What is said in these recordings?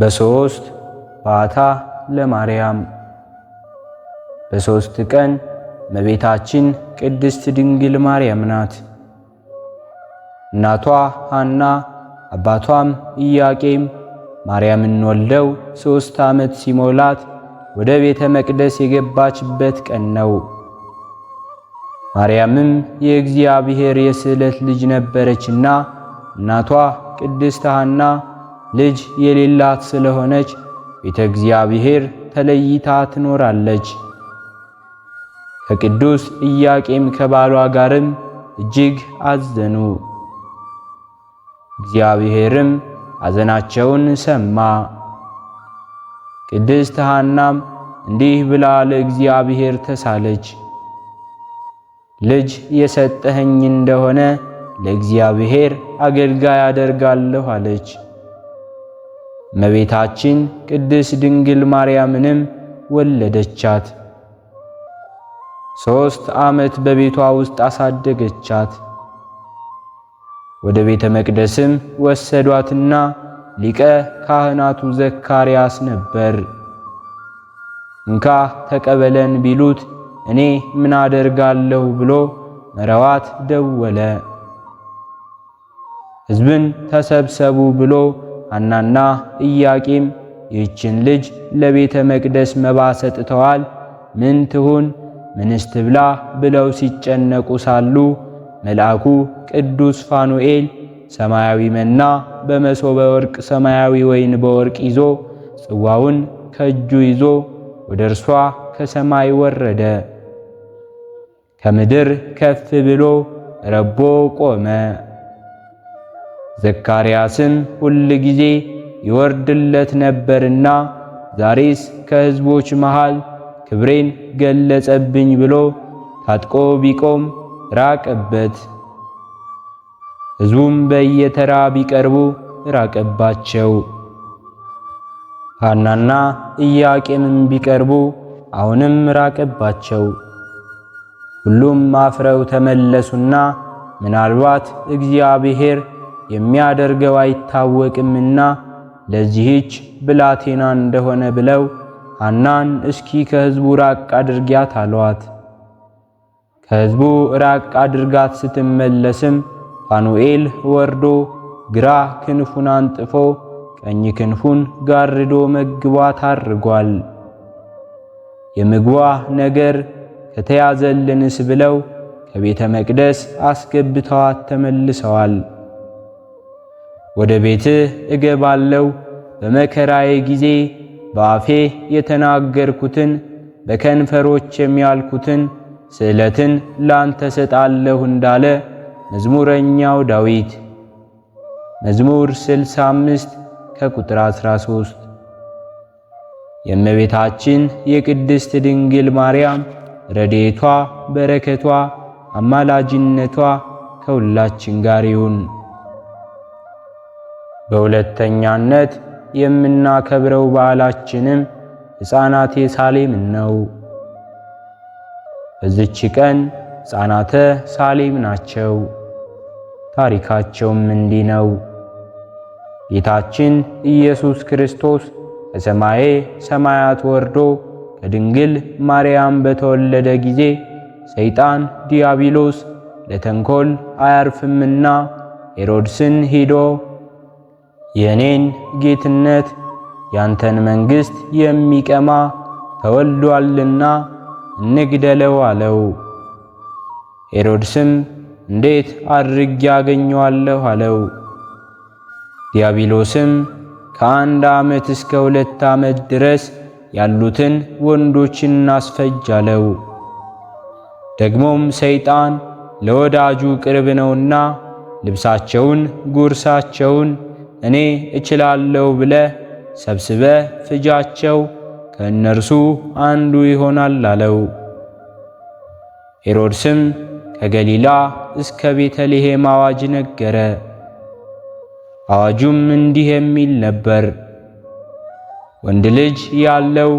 በሶስት ባታ ለማርያም በሶስት ቀን እመቤታችን ቅድስት ድንግል ማርያም ናት። እናቷ ሐና አባቷም ኢያቄም ማርያምን ወልደው ሦስት ዓመት ሲሞላት ወደ ቤተ መቅደስ የገባችበት ቀን ነው። ማርያምም የእግዚአብሔር የስዕለት ልጅ ነበረችና እናቷ ቅድስት ሐና ልጅ የሌላት ስለሆነች ቤተ እግዚአብሔር ተለይታ ትኖራለች። ከቅዱስ ኢያቄም ከባሏ ጋርም እጅግ አዘኑ። እግዚአብሔርም አዘናቸውን ሰማ። ቅድስት ሐናም እንዲህ ብላ ለእግዚአብሔር ተሳለች። ልጅ የሰጠኸኝ እንደሆነ ለእግዚአብሔር አገልጋይ አደርጋለሁ አለች። እመቤታችን ቅድስ ድንግል ማርያምንም ወለደቻት። ሦስት ዓመት በቤቷ ውስጥ አሳደገቻት። ወደ ቤተ መቅደስም ወሰዷትና ሊቀ ካህናቱ ዘካርያስ ነበር። እንካ ተቀበለን ቢሉት እኔ ምን አደርጋለሁ ብሎ መረዋት ደወለ። ሕዝብን ተሰብሰቡ ብሎ ሐናና ኢያቂም ይህችን ልጅ ለቤተ መቅደስ መባ ሰጥተዋል፣ ምን ትሁን ምንስ ትብላ ብለው ሲጨነቁ ሳሉ መልአኩ ቅዱስ ፋኑኤል ሰማያዊ መና በመሶበ ወርቅ ሰማያዊ ወይን በወርቅ ይዞ ጽዋውን ከእጁ ይዞ ወደ እርሷ ከሰማይ ወረደ። ከምድር ከፍ ብሎ ረቦ ቆመ። ዘካርያስም ሁል ጊዜ ይወርድለት ነበርና ዛሬስ ከሕዝቦች መሃል ክብሬን ገለጸብኝ ብሎ ታጥቆ ቢቆም ራቀበት። ሕዝቡም በየተራ ቢቀርቡ ራቀባቸው። ሐናና ኢያቄምም ቢቀርቡ አሁንም ራቀባቸው። ሁሉም አፍረው ተመለሱና ምናልባት እግዚአብሔር የሚያደርገው አይታወቅምና ለዚህች ብላቴና እንደሆነ ብለው ሐናን እስኪ ከሕዝቡ ራቅ አድርጊያት አሏት። ከሕዝቡ ራቅ አድርጋት ስትመለስም ፋኑኤል ወርዶ ግራ ክንፉን አንጥፎ ቀኝ ክንፉን ጋርዶ መግቧት አርጓል። የምግቧ ነገር ከተያዘልንስ ብለው ከቤተ መቅደስ አስገብተዋት ተመልሰዋል። ወደ ቤትህ እገባለሁ። በመከራዬ ጊዜ በአፌ የተናገርኩትን በከንፈሮች የሚያልኩትን ስዕለትን ላንተ ሰጣለሁ እንዳለ መዝሙረኛው ዳዊት መዝሙር 65 ከቁጥር 13። የእመቤታችን የቅድስት ድንግል ማርያም ረዴቷ፣ በረከቷ፣ አማላጅነቷ ከሁላችን ጋር ይሁን። በሁለተኛነት የምናከብረው በዓላችንም ሕፃናተ ሳሌምን ነው። በዚች ቀን ሕፃናተ ሳሌም ናቸው። ታሪካቸውም እንዲህ ነው። ጌታችን ኢየሱስ ክርስቶስ ከሰማየ ሰማያት ወርዶ ከድንግል ማርያም በተወለደ ጊዜ ሰይጣን ዲያብሎስ ለተንኮል አያርፍምና ሄሮድስን ሂዶ የእኔን ጌትነት ያንተን መንግሥት የሚቀማ ተወልዷልና እንግደለው አለው። ሄሮድስም እንዴት አድርጌ አገኘዋለሁ አለው። ዲያብሎስም ከአንድ ዓመት እስከ ሁለት ዓመት ድረስ ያሉትን ወንዶችን አስፈጅ አለው። ደግሞም ሰይጣን ለወዳጁ ቅርብ ነውና ልብሳቸውን፣ ጉርሳቸውን እኔ እችላለሁ ብለህ ሰብስበ ፍጃቸው፣ ከእነርሱ አንዱ ይሆናል አለው። ሄሮድስም ከገሊላ እስከ ቤተልሔም አዋጅ ነገረ። አዋጁም እንዲህ የሚል ነበር። ወንድ ልጅ ያለው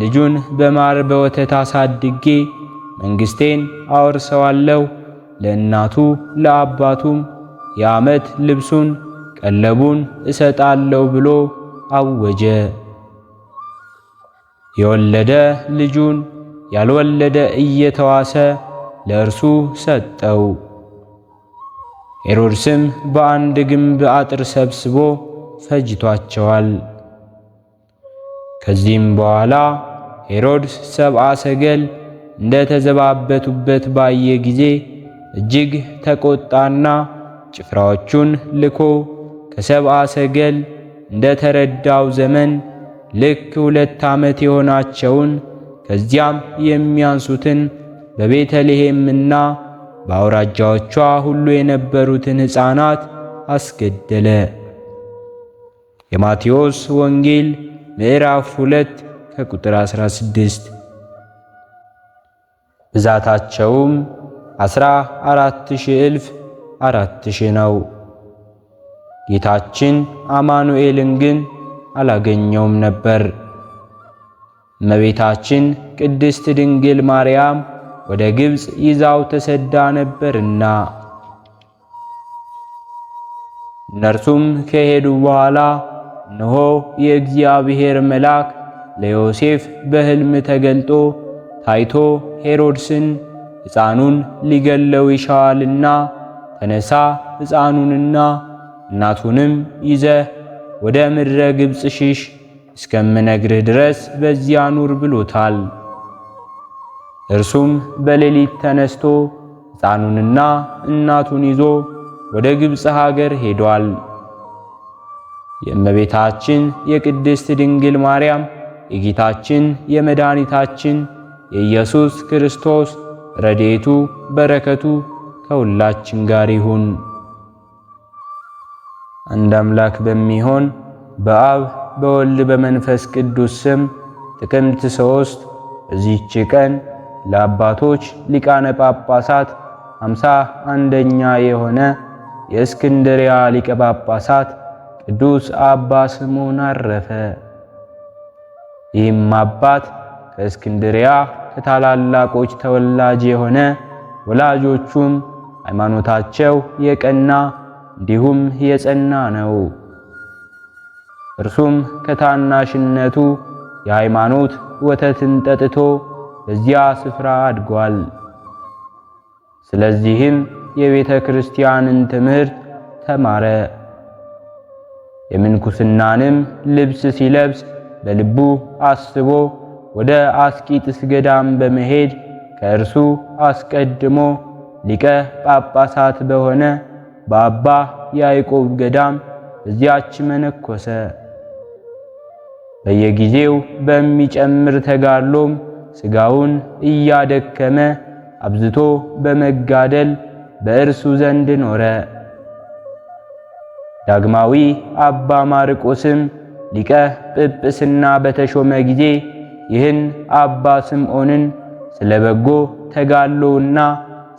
ልጁን በማር በወተት አሳድጌ መንግሥቴን አወርሰዋለሁ። ለእናቱ ለአባቱም የዓመት ልብሱን ቀለቡን እሰጣለሁ ብሎ አወጀ። የወለደ ልጁን ያልወለደ እየተዋሰ ለእርሱ ሰጠው። ሄሮድስም በአንድ ግንብ አጥር ሰብስቦ ፈጅቷቸዋል። ከዚህም በኋላ ሄሮድስ ሰብአ ሰገል እንደ ተዘባበቱበት ባየ ጊዜ እጅግ ተቆጣና ጭፍራዎቹን ልኮ ከሰብአ ሰገል እንደ ተረዳው ዘመን ልክ ሁለት ዓመት የሆናቸውን ከዚያም የሚያንሱትን በቤተልሔምና በአውራጃዎቿ ሁሉ የነበሩትን ሕፃናት አስገደለ። የማቴዎስ ወንጌል ምዕራፍ 2 ከቁጥር 16። ብዛታቸውም አስራ ሺህ እልፍ አራት ሺህ ነው። ጌታችን አማኑኤልን ግን አላገኘውም ነበር። እመቤታችን ቅድስት ድንግል ማርያም ወደ ግብፅ ይዛው ተሰዳ ነበርና እነርሱም ከሄዱ በኋላ እነሆ የእግዚአብሔር መልአክ ለዮሴፍ በሕልም ተገልጦ ታይቶ ሄሮድስን ሕፃኑን ሊገለው ይሻዋልና ተነሳ ሕፃኑንና እናቱንም ይዘህ ወደ ምድረ ግብፅ ሽሽ እስከምነግርህ ድረስ በዚያ ኑር ብሎታል። እርሱም በሌሊት ተነስቶ ሕፃኑንና እናቱን ይዞ ወደ ግብፅ ሀገር ሄዷል። የእመቤታችን የቅድስት ድንግል ማርያም የጌታችን የመድኃኒታችን የኢየሱስ ክርስቶስ ረድኤቱ በረከቱ ከሁላችን ጋር ይሁን። አንድ አምላክ በሚሆን በአብ በወልድ በመንፈስ ቅዱስ ስም ጥቅምት ሶስት በዚህች ቀን ለአባቶች ሊቃነ ጳጳሳት አምሳ አንደኛ የሆነ የእስክንድሪያ ሊቀ ጳጳሳት ቅዱስ አባ ስሙን አረፈ። ይህም አባት ከእስክንድሪያ ከታላላቆች ተወላጅ የሆነ ወላጆቹም ሃይማኖታቸው የቀና እንዲሁም የጸና ነው። እርሱም ከታናሽነቱ የሃይማኖት ወተትን ጠጥቶ በዚያ ስፍራ አድጓል። ስለዚህም የቤተ ክርስቲያንን ትምህርት ተማረ። የምንኩስናንም ልብስ ሲለብስ በልቡ አስቦ ወደ አስቂጥስ ገዳም በመሄድ ከእርሱ አስቀድሞ ሊቀ ጳጳሳት በሆነ በአባ ያዕቆብ ገዳም እዚያች መነኮሰ። በየጊዜው በሚጨምር ተጋድሎም ስጋውን እያደከመ አብዝቶ በመጋደል በእርሱ ዘንድ ኖረ። ዳግማዊ አባ ማርቆስም ሊቀ ጵጵስና በተሾመ ጊዜ ይህን አባ ስምዖንን ስለ በጎ ተጋድሎውና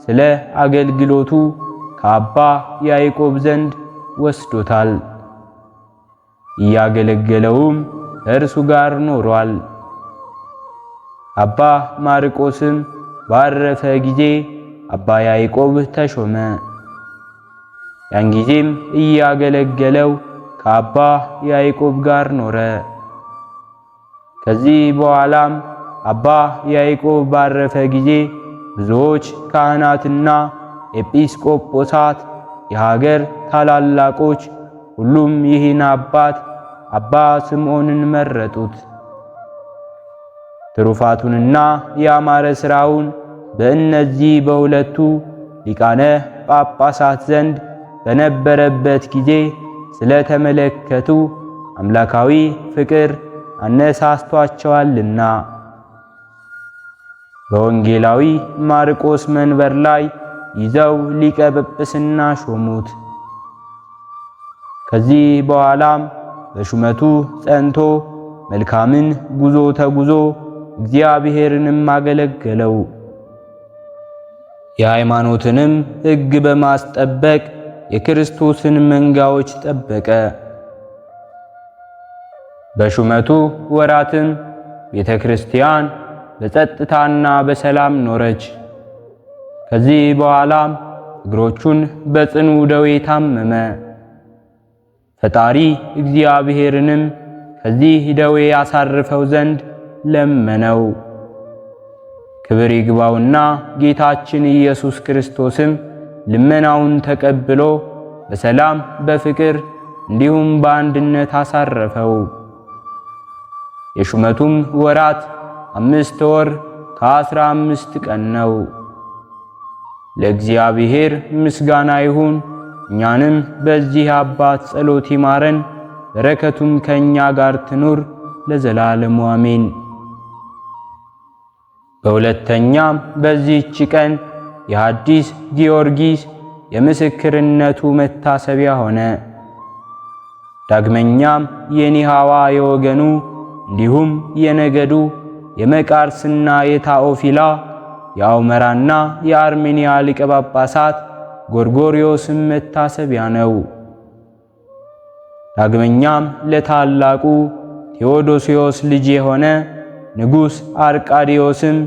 ስለ አገልግሎቱ ከአባ ያዕቆብ ዘንድ ወስዶታል። እያገለገለውም ከእርሱ ጋር ኖሯል። አባ ማርቆስም ባረፈ ጊዜ አባ ያዕቆብ ተሾመ። ያን ጊዜም እያገለገለው ከአባ ያዕቆብ ጋር ኖረ። ከዚህ በኋላም አባ ያዕቆብ ባረፈ ጊዜ ብዙዎች ካህናትና ኤጲስቆጶሳት፣ የሀገር ታላላቆች ሁሉም ይህን አባት አባ ስምዖንን መረጡት። ትሩፋቱንና ያማረ ሥራውን በእነዚህ በሁለቱ ሊቃነ ጳጳሳት ዘንድ በነበረበት ጊዜ ስለተመለከቱ አምላካዊ ፍቅር አነሳስቷቸዋልና በወንጌላዊ ማርቆስ መንበር ላይ ይዘው ሊቀ ጵጵስና ሾሙት። ከዚህ በኋላም በሹመቱ ጸንቶ መልካምን ጉዞ ተጉዞ እግዚአብሔርንም አገለገለው። የሃይማኖትንም ሕግ በማስጠበቅ የክርስቶስን መንጋዎች ጠበቀ። በሹመቱ ወራትም ቤተ ክርስቲያን በጸጥታና በሰላም ኖረች። ከዚህ በኋላም እግሮቹን በጽኑ ደዌ ታመመ። ፈጣሪ እግዚአብሔርንም ከዚህ ደዌ ያሳርፈው ዘንድ ለመነው። ክብር ይግባውና ጌታችን ኢየሱስ ክርስቶስም ልመናውን ተቀብሎ በሰላም በፍቅር እንዲሁም በአንድነት አሳረፈው። የሹመቱም ወራት አምስት ወር ከአስራ አምስት ቀን ነው። ለእግዚአብሔር ምስጋና ይሁን። እኛንም በዚህ አባት ጸሎት ይማረን፣ በረከቱም ከእኛ ጋር ትኑር ለዘላለሙ አሜን። በሁለተኛም በዚህች ቀን የሐዲስ ጊዮርጊስ የምስክርነቱ መታሰቢያ ሆነ። ዳግመኛም የኒሃዋ የወገኑ እንዲሁም የነገዱ የመቃርስና የታኦፊላ የአውመራና የአርሜንያ ሊቀ ጳጳሳት ጎርጎሪዮስም መታሰቢያ ነው። ዳግመኛም ለታላቁ ቴዎዶሲዮስ ልጅ የሆነ ንጉሥ አርቃዲዮስም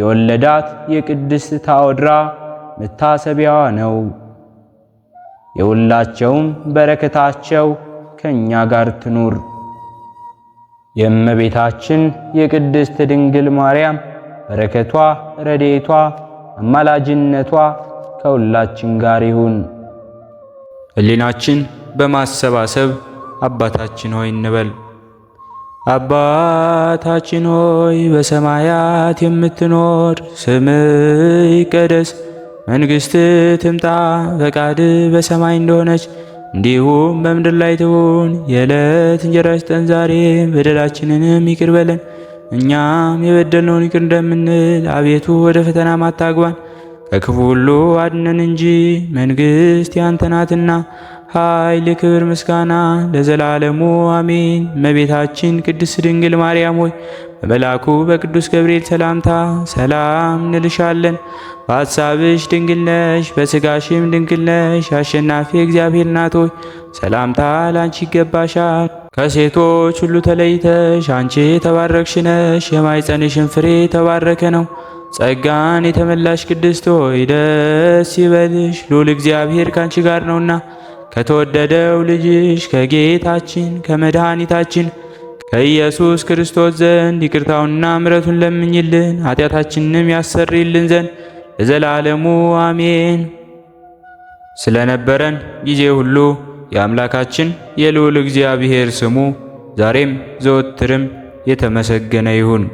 የወለዳት የቅድስት ታኦድራ መታሰቢያዋ ነው። የሁላቸውም በረከታቸው ከእኛ ጋር ትኑር። የእመቤታችን የቅድስት ድንግል ማርያም በረከቷ፣ ረዴቷ፣ አማላጅነቷ ከሁላችን ጋር ይሁን። ሕሊናችን በማሰባሰብ አባታችን ሆይ እንበል። አባታችን ሆይ በሰማያት የምትኖር፣ ስም ይቀደስ፣ መንግሥት ትምጣ፣ ፈቃድህ በሰማይ እንደሆነች እንዲሁም በምድር ላይ ትሁን። የዕለት እንጀራችንን ስጠን ዛሬ፣ በደላችንንም ይቅር በለን እኛም የበደልነውን ይቅር እንደምንል አቤቱ ወደ ፈተና ማታግባን ከክፉ ሁሉ አድነን እንጂ መንግሥት ያንተ ናትና ኃይል፣ ክብር፣ ምስጋና ለዘላለሙ አሜን። እመቤታችን ቅድስት ድንግል ማርያም ሆይ በመልአኩ በቅዱስ ገብርኤል ሰላምታ ሰላም እንልሻለን። በሐሳብሽ ድንግል ነሽ፣ በሥጋሽም ድንግል ነሽ። አሸናፊ እግዚአብሔር ናት ሆይ ሰላምታ ላንቺ ይገባሻል። ከሴቶች ሁሉ ተለይተሽ አንቺ የተባረክሽ ነሽ፣ የማኅፀንሽን ፍሬ የተባረከ ነው። ጸጋን የተመላሽ ቅድስት ሆይ ደስ ይበልሽ፣ ሉል እግዚአብሔር ካንቺ ጋር ነውና ከተወደደው ልጅሽ ከጌታችን ከመድኃኒታችን ከኢየሱስ ክርስቶስ ዘንድ ይቅርታውንና ምረቱን ለምኝልን ኃጢአታችንንም ያሰርይልን ዘንድ ለዘላለሙ አሜን። ስለነበረን ጊዜ ሁሉ የአምላካችን የልዑል እግዚአብሔር ስሙ ዛሬም ዘወትርም የተመሰገነ ይሁን።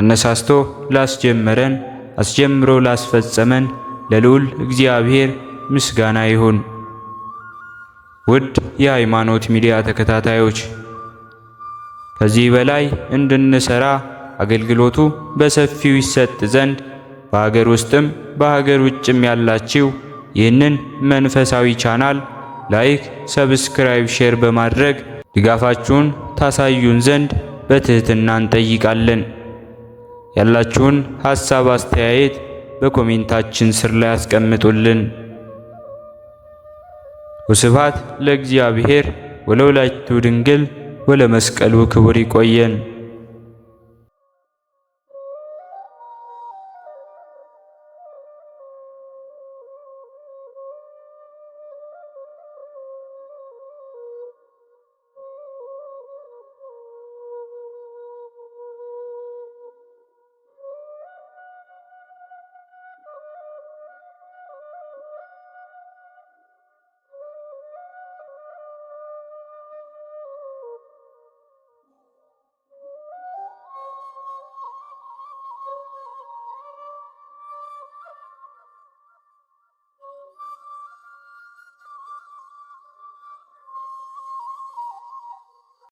አነሳስቶ ላስጀመረን አስጀምሮ ላስፈጸመን ለልዑል እግዚአብሔር ምስጋና ይሁን። ውድ የሃይማኖት ሚዲያ ተከታታዮች ከዚህ በላይ እንድንሰራ አገልግሎቱ በሰፊው ይሰጥ ዘንድ በሀገር ውስጥም በሀገር ውጭም ያላችሁ ይህንን መንፈሳዊ ቻናል ላይክ፣ ሰብስክራይብ፣ ሼር በማድረግ ድጋፋችሁን ታሳዩን ዘንድ በትህትና እንጠይቃለን። ያላችሁን ሐሳብ አስተያየት በኮሜንታችን ስር ላይ አስቀምጡልን። ወስብሐት ለእግዚአብሔር ወለወላዲቱ ድንግል ወለመስቀሉ ክቡር። ይቆየን።